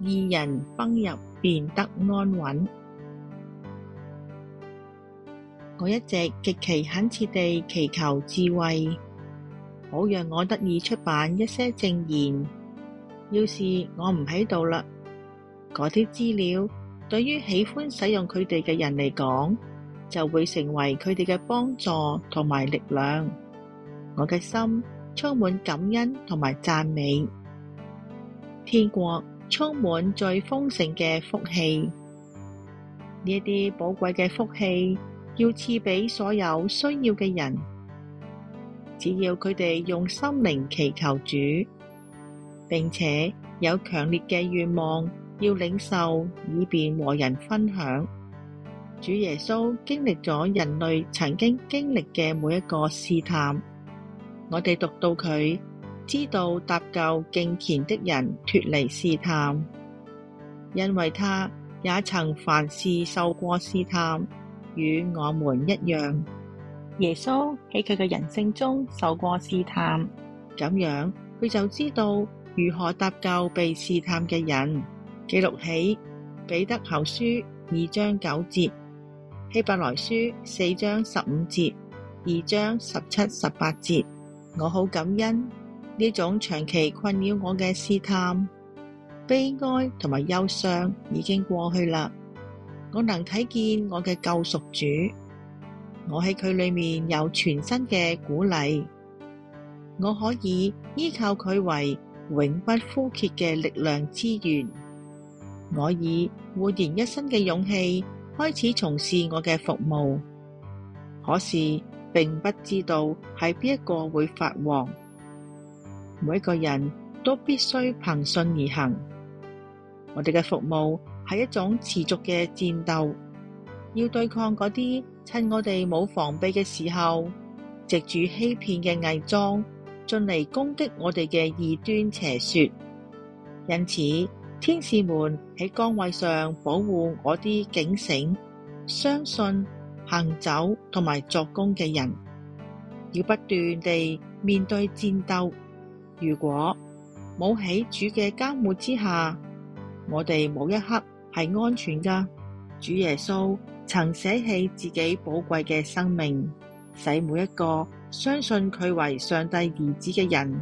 二人崩入，便得安穩。我一直極其懇切地祈求智慧，好讓我得以出版一些證言。要是我唔喺度啦，嗰啲資料對於喜歡使用佢哋嘅人嚟講，就會成為佢哋嘅幫助同埋力量。我嘅心充滿感恩同埋讚美，天國，充滿最豐盛嘅福氣，呢一啲寶貴嘅福氣要賜俾所有需要嘅人。只要佢哋用心靈祈求主，並且有強烈嘅願望要領受，以便和人分享。主耶穌經歷咗人類曾經經歷嘅每一個試探，我哋讀到佢。知道搭救敬虔的人脫離試探，因為他也曾凡事受過試探，與我們一樣。耶穌喺佢嘅人性中受過試探，咁樣佢就知道如何搭救被試探嘅人。記錄喺彼得後書二章九節，希伯來書四章十五節，二章十七、十八節。我好感恩。呢種長期困擾我嘅試探、悲哀同埋憂傷已經過去啦。我能睇見我嘅救贖主，我喺佢裏面有全新嘅鼓勵，我可以依靠佢為永不枯竭嘅力量資源。我以煥然一新嘅勇氣開始從事我嘅服務，可是並不知道係邊一個會發旺每一個人都必須憑信而行。我哋嘅服務係一種持續嘅戰鬥，要對抗嗰啲趁我哋冇防備嘅時候，藉住欺騙嘅偽裝進嚟攻擊我哋嘅異端邪說。因此，天使們喺崗位上保護我啲警醒、相信、行走同埋作工嘅人，要不斷地面對戰鬥。如果冇喺主嘅監護之下，我哋冇一刻係安全噶。主耶穌曾捨棄自己寶貴嘅生命，使每一個相信佢為上帝兒子嘅人，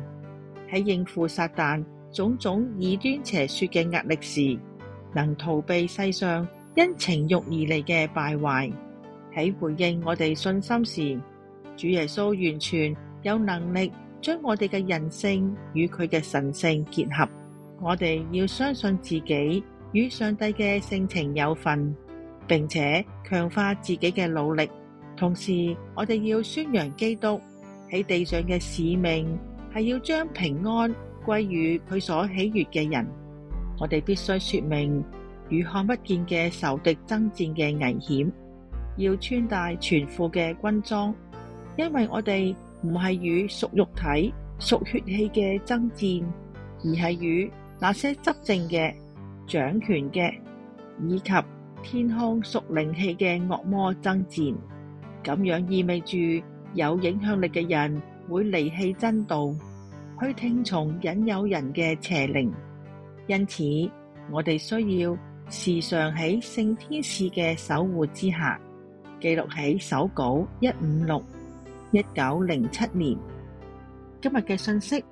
喺應付撒旦種種異端邪說嘅壓力時，能逃避世上因情欲而嚟嘅敗壞；喺回應我哋信心時，主耶穌完全有能力。將我哋嘅人性與佢嘅神性結合，我哋要相信自己與上帝嘅性情有份，並且強化自己嘅努力。同時，我哋要宣揚基督喺地上嘅使命，係要將平安歸於佢所喜悅嘅人。我哋必須說明與看不見嘅仇敵爭戰嘅危險，要穿戴全副嘅軍裝，因為我哋。唔係與屬肉體、屬血氣嘅爭戰，而係與那些執政嘅、掌權嘅，以及天空屬靈氣嘅惡魔爭戰。咁樣意味住有影響力嘅人會離棄真道，去聽從引誘人嘅邪靈。因此，我哋需要時常喺聖天使嘅守護之下，記錄喺手稿一五六。一九零七年，今日嘅信息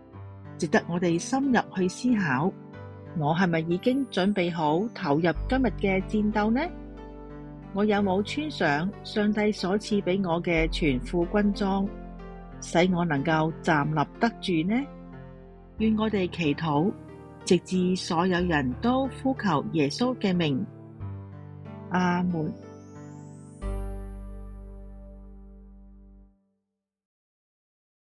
值得我哋深入去思考。我係咪已經準備好投入今日嘅戰鬥呢？我有冇穿上上帝所賜俾我嘅全副軍裝，使我能夠站立得住呢？願我哋祈禱，直至所有人都呼求耶穌嘅名。阿門。